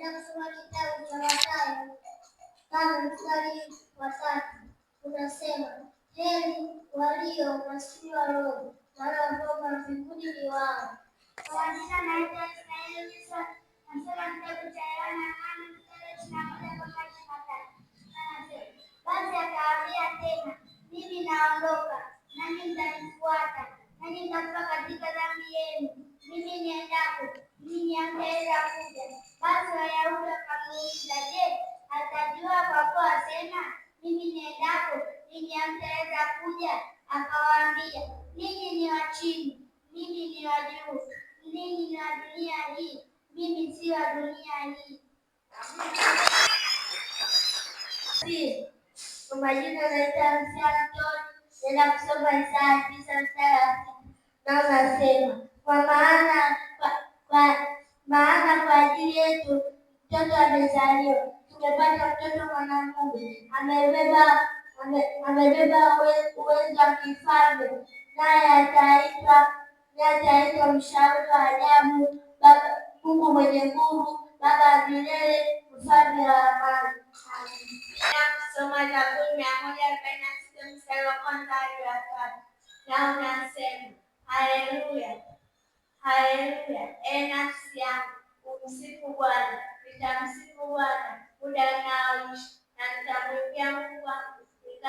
Napenda kusoma kitabu cha Mathayo tano mstari wa tatu unasema, heri walio maskini wa roho, maana ufalme mbinguni ni wao. Katika Maisha ya Israeli, nasoma kitabu cha Yohana Aliyemteza kuja akawaambia, ninyi ni wa chini, mimi ni wa juu, ninyi ni wa dunia hii, mimi si wa dunia hii. Umajizo katika msiatoni enda kusoma Isaya tisa mstari wa sita na unasema kwa maana kwa maana kwa ajili yetu mtoto amezaliwa, tumepata mtoto mwanamume, amebeba amebeba uwezo wa kifalme, naye ataitwa mshauri wa ajabu, Mungu mwenye nguvu, Baba wa milele, mfalme wa amani. Kusoma Zaburi mia moja arobaini na sita mstari wa kwanza hadi wa tatu na unasema haleluya, haleluya, e nafsi yangu umsifu Bwana, nitamsifu Bwana muda unaoishi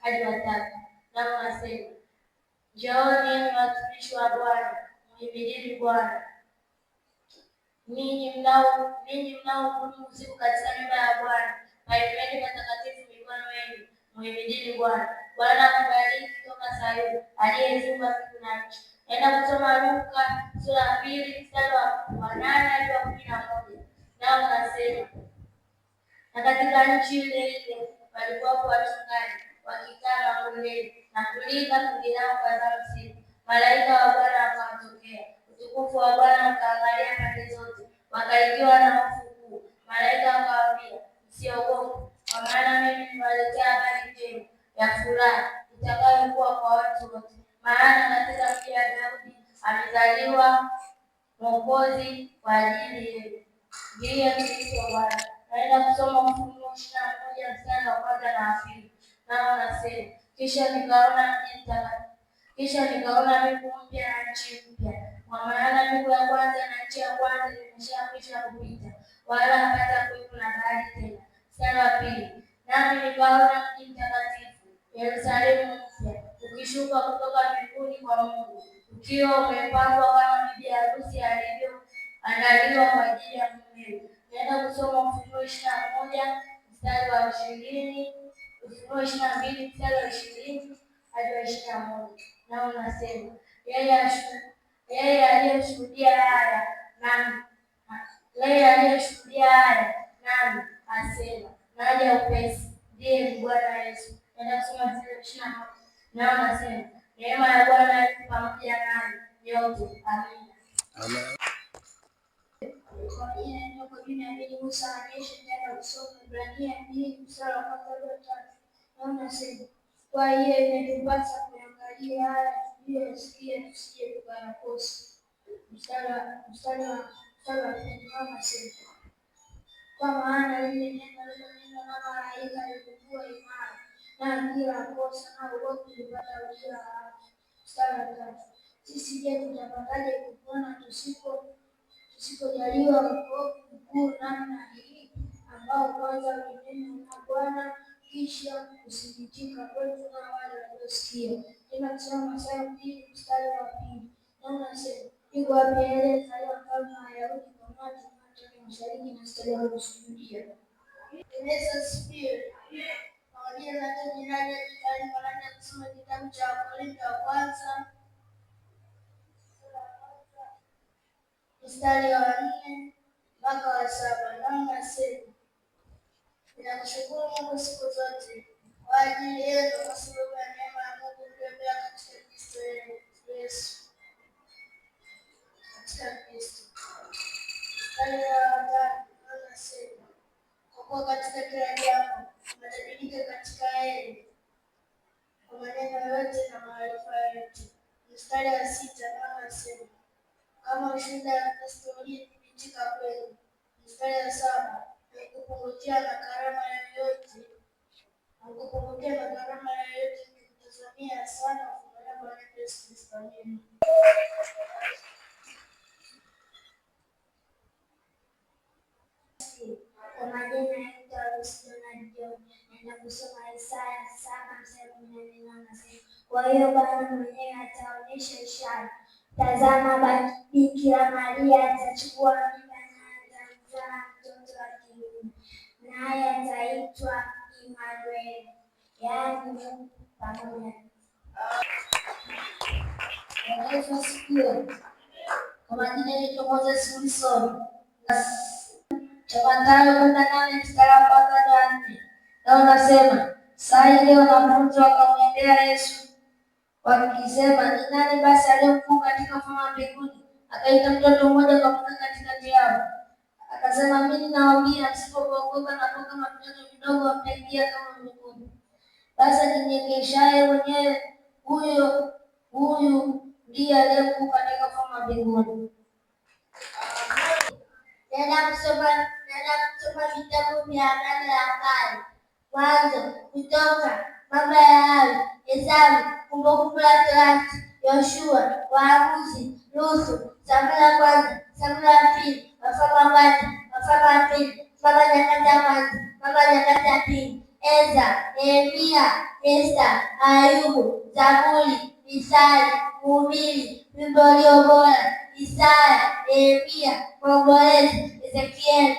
hadi watatu, nao wasema, Njooni enyi watumishi wa Bwana, mhimidini Bwana, ninyi mnaohudumu usiku katika nyumba ya Bwana, painueni matakatifu mikono yenu, mhimidini Bwana. Bwana akubariki toka Sayuni, aliyeziumba mbingu na nchi. Enda kusoma Luka sura ya pili mstari wa nane hadi wa kumi na moja. Nao wanasema, na katika nchi ile ile walikuwapo wachungaji mstari wa pembeni na kulipa kundi lao kwa dhambi. Malaika wa Bwana wakamtokea, utukufu wa Bwana ukaangalia pande zote, wakaikiwa na hofu kuu. Malaika wakawaambia, msiogope, kwa maana mimi nimewaletea habari njema ya furaha itakayokuwa kwa watu wote, maana katika mji wa Daudi amezaliwa Mwokozi kwa ajili yetu, ndiye Kristo Bwana. Naenda kusoma Ufunuo ishirini na moja mstari wa kwanza na wa pili nalo nasema, kisha nikaona mji mtakatifu, kisha nikaona mbingu mpya na nchi mpya, kwa maana mbingu ya kwanza na nchi ya kwanza zimeshakwisha kupita, wala hapata kuwepo na bahari tena. Mstari wa pili, nami nikaona mji mtakatifu Yerusalemu mpya ukishuka kutoka mbinguni kwa Mungu, ukiwa umepambwa kama bibi harusi alivyoandaliwa kwa ajili ya mumewe. Naenda kusoma Ufunuo ishirini na moja mstari wa ishirini Ufunuo ishirini na mbili mstari wa ishirini hadi wa ishirini na moja nao unasema yeye aliyeshuhudia haya nami yeye aliyeshuhudia haya nami asema naja upesi. Ndiye ni Bwana Yesu. Naenda kusoma mstari wa ishirini na moja nao unasema neema ya Bwana pamoja nanyi nyote. Amina. Waebrania nne kwa jina ya pili Musa anaye shetani hiyo imetupasa kuangalia haya tuliyoyasikia, tusije tukayakosa. Mstari wa pili anasema kwa maana lile neno lililonenwa na malaika lilikuwa imara, na kila kosa nao wote hupata ujira wa Mstari wa tatu sisi je, tutapataje kupona tusipo Usipojaliwa mkuu namna hii, ambao kwanza ulinena na Bwana, kisha kusikitika kwetu na wale waliosikia. Tena kusoma Mathayo mbili mstari wa pili nanasema iko wapi yale hayo mfalme wa Wayahudi pamoja na tena mashariki na stari wa kusujudia Paulia zake jirani alikali baraka kusoma kitabu cha Wakorintho wa kwanza mstari wa nne mpaka wa saba namna asema, ninakushukuru Mungu siku zote kwa ajili yenu, kwa sababu ya neema ya Mungu mliyopewa katika Kristo Yesu. Katika Kristo mstari wa watano namna asema, kwa kuwa katika kila jambo mnatajirika katika yeye kwa maneno yote na maarifa yote. Mstari wa sita namna asema kama shida ya historia kupitika kwenu. Mstari ya saba kupungukia na karama yoyote kupungukia na karama yoyote nikutazamia sana ufunuo wa Yesu Kristo. Kwa majina naenda kusoma Isaya saba mstari kumi na nne kwa hiyo Bwana mwenyewe ataonyesha ishara Tazama Bikira Maria atachukua mimba na atamzaa mtoto wa kiume, naye ataitwa Imanueli, yaani Mungu pamoja. Kwa majina yetu Moses Wilson, Mathayo kumi na nane mstari wa kwanza hadi wa nne, nao nasema saa ile wanafunzi wakamwendea Yesu wakisema, ni nani basi aliye katika ufalme wa mbinguni? Akaita mtoto mmoja akamweka katikati yao, akasema, mimi nawaambia, msipookoka na kuwa kama vitoto vidogo, hamtaingia kama mbinguni. Basi ajinyegeshaye mwenyewe, huyo huyu ndiye aliye katika ufalme wa mbinguni. Nenda kusoma vitabu vya Agano la Kale, Mwanzo, Kutoka Mambo ya Lawi, Hesabu, Kumbukumbu la Torati, Yoshua, Waamuzi, Ruthu, Samweli ya kwanza, Samweli ya pili, Wafalme wa kwanza, Wafalme wa pili, Mambo ya Nyakati ya kwanza, Mambo ya Nyakati ya pili, Ezra, Nehemia, Esta, Ayubu, Zaburi, Misali, Mhubiri, Wimbo Ulio Bora, Isaya, Nehemia, Maombolezi, Ezekieli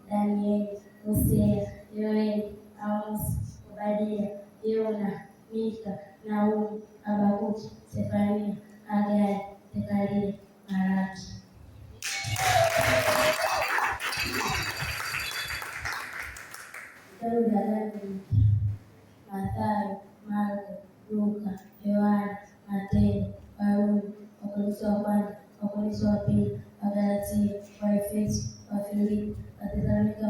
Daniel, Hosea, Yoel, Amos, Obadia, Iona, Mica, Naum, Abacuque, Sefania, Agai, Zecaria, Malaque.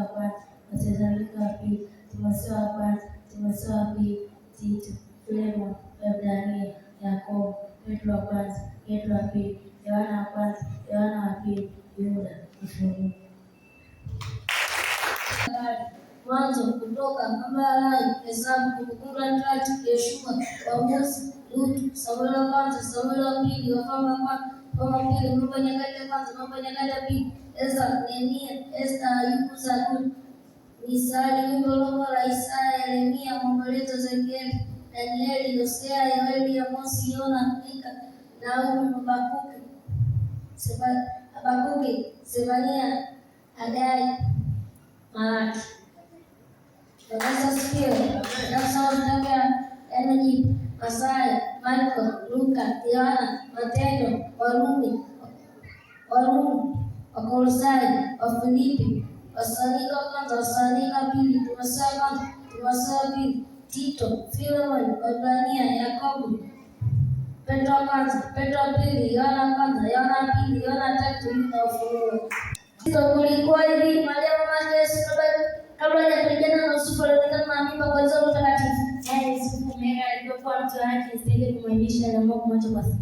wa kwanza, Wathesalonike wa pili, Timotheo wa kwanza, Timotheo wa pili, Tito, Filemoni, Ibrania, Yakobo, Petro wa kwanza, Petro wa pili, Yohana wa kwanza, Yohana wa pili, Yuda Mfunguo. Mwanzo, Kutoka, Mambalai, Hesabu, Kumbukumbu la Torati, Yoshua, Waamuzi, Lutu, Samweli wa kwanza, Samweli wa pili, Wafalme wa kwanza Mambo mbili, mambo ya nyakati ya kwanza, mambo ya nyakati ya pili. Ezra, Nehemia, Esta, Ayubu, Zaburi, Misali, wimbo bora, Isaya, Yeremia, Maombolezo, Ezekieli, Danieli, Hosea, Yoeli, Amosi, Yona, Mika, Nahumu, Habakuki, Habakuki, Zefania, Hagai, Malaki. Sasa sikia, na sauti yake yanajibu Mathayo, Marko, Luka, Yohana, Matendo, Warumi, Warumi, Wakolosai, Wafilipi, Wasalika kwanza, Wasalika pili, Timotheo kwanza, Timotheo pili, Tito, Filemoni, Waebrania, Yakobo, Petro kwanza, Petro pili, Yohana kwanza, Yohana pili, Yohana tatu, Yuda, Ufunuo. Kulikuwa hivi, Maria mama yake Yesu kabla hajapelikana na Yusufu alionekana na mimba kuanzia watu wanawake zile kumwainisha na kwa sababu